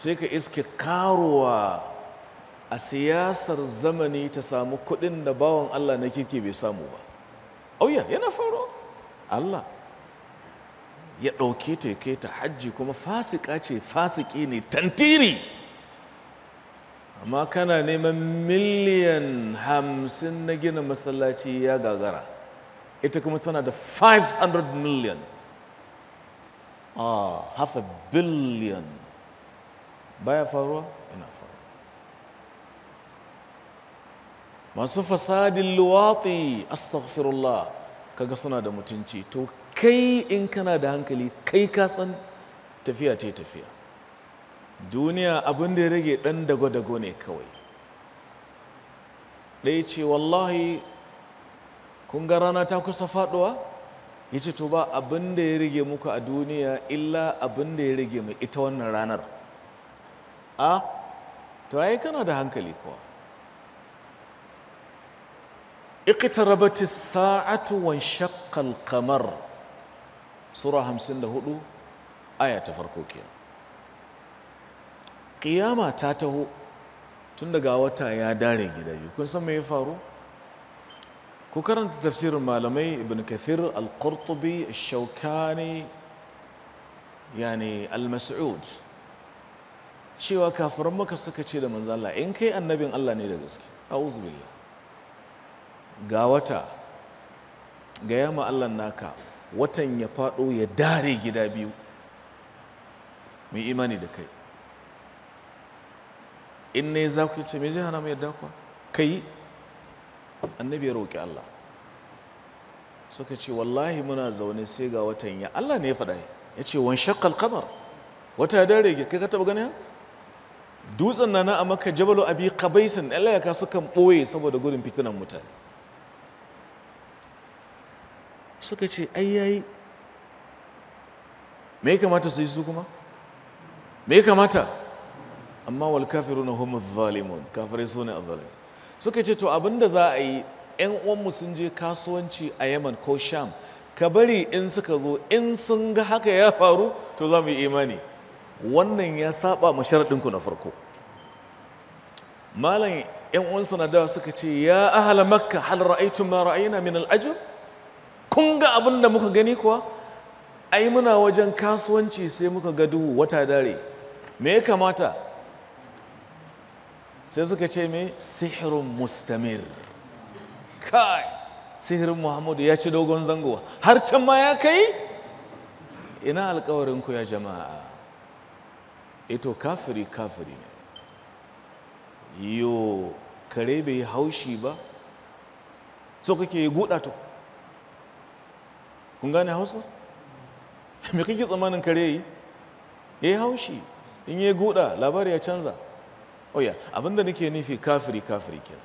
sai ka iske karuwa a siyasar zamani ta samu kuɗin da bawan Allah na kirki bai samu ba auya yana faro Allah ya ɗauke ta kai ta hajji kuma fasika ce fasiki ne tantiri amma kana neman miliyan hamsin na gina masallaci ya gagara ita kuma tana da 500 million ah half a billion baya faruwa yana faruwa masu fasadin luwati astaghfirullah kaga suna da mutunci to kai in kana da hankali kai ka san tafiya ta tafiya duniya abin da ya rage dan dago-dago ne kawai ɗaya ce wallahi kun ga rana ta kusa faɗuwa ya ce to ba abin da ya rage muku a duniya illa abin da ya rage mai ita wannan ranar a to ai kana da hankali kuwa اقتربت الساعة وانشق القمر سورة همسين ده هدو آية تفرقو كينا قيامة تاته تند وطا يا داري جدا يكون سمي يفارو كو كرنت تفسير المالمي ابن كثير القرطبي الشوكاني يعني المسعود cewa kafiran maka suka ce da manzo Allah in kai annabin Allah ne da gaske a'udhu billah ga wata ga yama Allah naka watan ya fado ya dare gida biyu mu imani da kai in ne za ku ce me zai hana mu yadda Ka kai annabi ya roki Allah suka ce wallahi muna zaune sai ga watan ya Allah ne ya faɗa ya ce wan shaqqal qamar wata ya dare kai ka taba ganin dutsen na a maka jabalu abi kabaisin ɗalayaka sukan ɓoye saboda gudun fitinan mutane suka ce ai yayi me ya kamata su yi su kuma me ya kamata amma wal na homer valimon kafirai su ne azzalimai suka ce to abinda za a yi yan uwanmu sun je kasuwanci a Yaman ko Sham ka bari in suka zo in sun ga haka ya faru to za mu yi imani wannan ya saba ma sharaɗinku na farko malam yan uwansa na suka ce ya ahala makka hal ra'aytum ma ra'ayna min al'ajab kun ga abin da muka gani kuwa ai muna wajen kasuwanci sai muka ga duhu wata dare me ya kamata sai suka ce me sihirun mustamir kai sihirin muhammadu ya ci dogon zango har can ma ya kai ina alkawarinku ya jama'a ito kafiri kafiri ne yo kare bai haushi ba so kake yi guda to kun gane hausa me kake tsammanin kare yi ya yi haushi in yi guda labari ya canza oya oh abinda nake nufi kafiri kafiri kenan